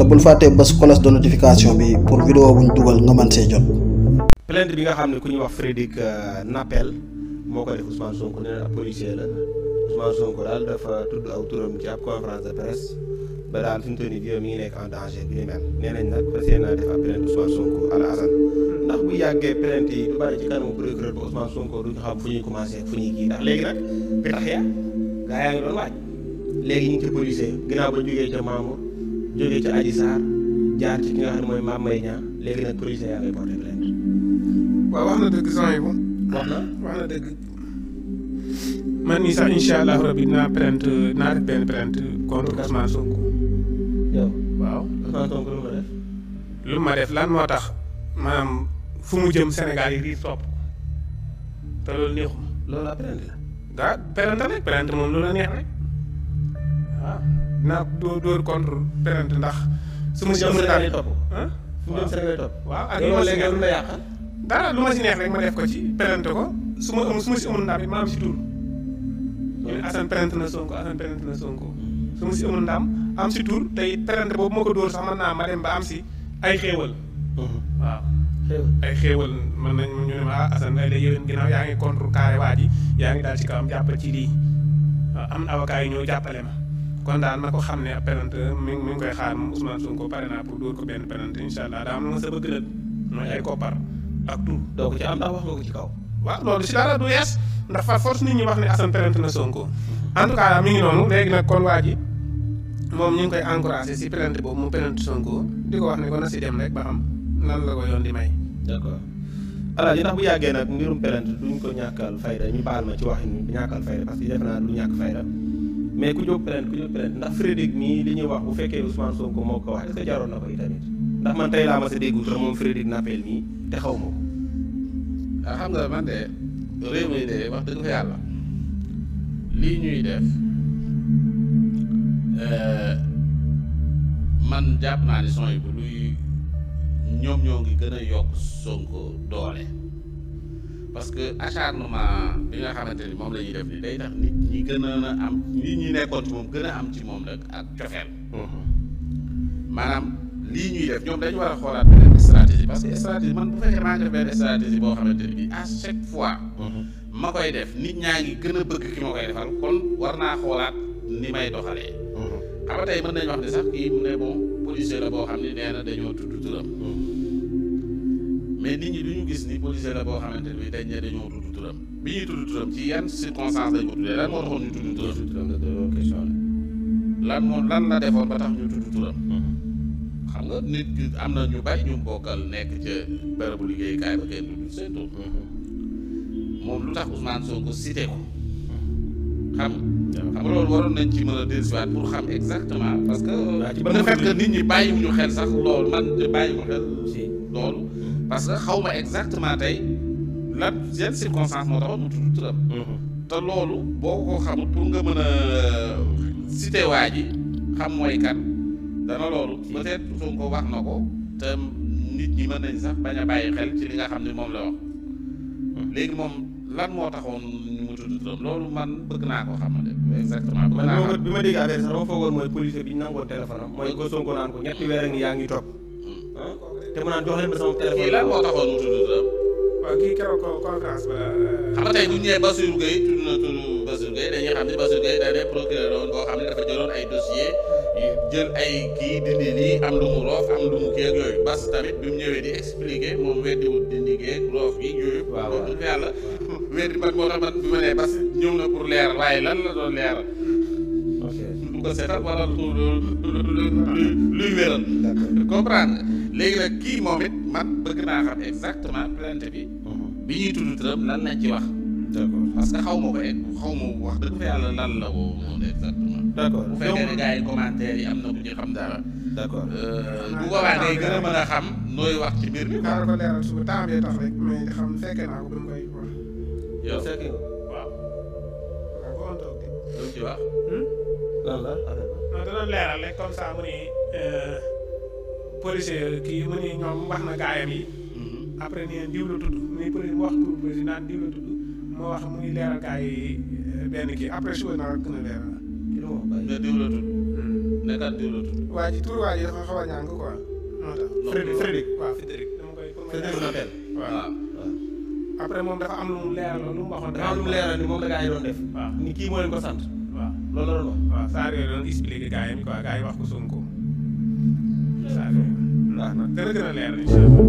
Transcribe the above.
te bul fàttee bés cloche de notification bi pour vidéo buñ dugal nga man see jot. plainte bi nga xam ne ku ñuy wax Frédéric euh, Napel moo ko def Ousmane Sonko nee na policier la Ousmane Sonko daal dafa tudd aw turam mi ngi nekk en danger bi ni nee nañ nag fas yéene naa def ab plainte Ousmane ndax bu yàggee plainte yi du bari ci kanamu procureur ba Ousmane Sonko duñu xam fu ñuy commencé fu ñuy kii ndax léegi nag bi tax ya gaa yaa doon waaj léegi ñu ci policier ginnaaw ba jógee ca Mamour jógee ci Adji Sarr jaar ci ki nga xam mooy Mame Mbaye Niang léegi nag police yaa ngay porté plainte. waaw wax na dëgg son yi wax na wax na dëgg. man mii sax incha allah naa plainte naa def benn plainte contre yow waaw Ousmane Sonko lu ma def. lu ma def lan moo tax maanaam fu mu jëm Sénégal yi di topp te loolu neexum. loolu la plainte la. daa plainte rek plainte moom loolu la neex rek waaw. naa dóor dóor contre plainte ndax. su ma ah jëm Sénégal topp ah. topp. lu ma si rek ma def ko ci ko su ma am su ma si amul ndam it ma am si tur. ne Assane plainte na Sonko Assane na am si tey plainte boobu moo ko dóor sax mën naa ma dem ba am si ay xéewal. Mhm. waaw. ay xéewal mën nañ ñu ne ma ah Assane ay day yéwén ginnaaw yaa ngi contre carré waa ji yaa ngi daal ci kawam jàppal ci lii am na avocat yi ñoo jàppale ma. kon daal na ko xam ne penante mi ngi ngi koy xaar moom Ousmane Sonko pare naa pour dóor ko benn penante incha daa am sa bëgg rek mooy ay koppar ak tur doo ko ci am ndax wax nga ko ci kaw. waaw loolu si dara du yees ndax par force ne Assane penante Sonko en mi ngi léegi nag kon waa ji ñu ngi koy encouragé si penante boobu mu penante Sonko di ko wax ne na si dem rek ba am nan la ko yoon di may. d'accord alaaji ndax bu yàggee nag mbirum penante duñ ko ñàkkal fayda ñu baal ma ci waxin ñàkkal fayda parce que naa du ñàkk fayda mais ku jóg plainte ku jóg plainte ndax Frédéric mii li ñuy wax bu fekkee Ousmane Sonko moo ko wax est-ce jaroon na ko itamit ndax man tey laa ma sa déggu trop moom Frédéric Nappel mii te xaw ma ko. ah xam nga man de réew mi de wax dëgg fa yàlla lii ñuy def euh, man jàpp naa ne son yi luy ñoom ñoo ngi gën a yokk Sonko doole. parce que acharnement bi nga xamante ni moom la ñuy def ni day tax nit ñi gën na am nit ñi nekkoon ci moom gën a am ci moom nag ak cofeel mhm. maanaam lii ñuy def ñoom dañu war a xoolaat beneen stratégie parce que stratégie man bu boo xamante ni à chaque fois mhm. ma koy def nit ñaa ngi gën a bëgg ki ma koy defal kon war naa xoolaat ni may doxalee mhm. xam nga tey mën nañu wax ne sax kii mu ne bon policier la boo xam ne nee na dañoo tudd turam mais nit ñi du ñu gis ni policier la boo xamante ne bii dañ ne dañoo turam bi ñuy tudd turam ci yan circonstance dañ ko tuddee lan moo taxoon ñu tudd turam. la question lan moo lan la defoon ba tax ñu tudd turam. Mhm. xam nga nit ñi am na ñu bari ñu bokkal nekk ca bërëbu liggéeyukaay ba kenn mhm. moom lu tax Ousmane Sonko cité ko. xam xam loolu waroon nañ ci mën a dellusiwaat pour xam exactement parce que le fait que nit ñi bàyyiwuñu xel sax loolu man bàyyiwuma xel loolu parce que xaw ma exactement tey lan yenn circonstance moo taxoon mu tudd mhm. te loolu boo ko xamul pour nga mën a euh, cité waa ji xam mooy kan dana loolu peut-être Sonko wax na ko te nit ñi mën nañ sax bañ a bàyyi xel ci li nga xam ne moom la wax mhm. léegi moom lan moo taxoon loolu man bëgg naa koo xamante exactement bëgg naa xam bi ma dégg affaire sax dama foogoon mooy policier bi ñu nangoon téléphone am mooy ko Sonko naan ko ñetti weer ak yaa ngi topp hmm. te mu naan jox leen ma sama téléphone kii lan moo taxoon mu tudd turam waaw kii keroog conférence ba euh, xam nga tey bu ñu nee Bassirou na tudd Bassirou Gueye xam ne Bassirou Gueye procureur woon boo xam ne dafa jëloon ay dossier jël ay kii dindi lii am lu roof am lu mu yooyu bas bi mu ñëwee di expliquer moom weddiwut dindi geeg roof gi yooyu. waaw waaw yàlla weddi man moo tax man bi ma nee bas ñëw na pour leeral waaye lan la doon leeral. ok du ko seetal wala luy wéral. comprendre léegi nag kii moom it man bëgg naa xam exactement plainte bi. Mhm. bi ñuy tudd turam lan lañ ci wax. d'accord que xaw ma ko xaw ma wax dëgg fa yàlla lan la woo moom exactement. d' accord fekkee ne am na euh, a mën ko leeral rek hmm? da comme ça mu ne euh, policier kii mu ne ñoom wax na gaayam yi. Mm-hmm. après nee diw tudd muy président wax tur tudd moo wax mu ngi leeral gaay euh, benn kii après suba naa gën a leeral. moo bàyyi. ne diw hmm. waa ji tur waa ji dafa xaw a ñàng quoi. moo après moom dafa am lu mu leeraloon lu mu waxoon. dafa am lu mu leeraloon ni moom la yi doon def. ni kii moo ko sant. waaw loolu la doon wax. waaw yooyu doon expliqué gaa yi quoi gaa yi wax ko Sonko. saa yooyu. ndax nag dana gën a leer incha allah.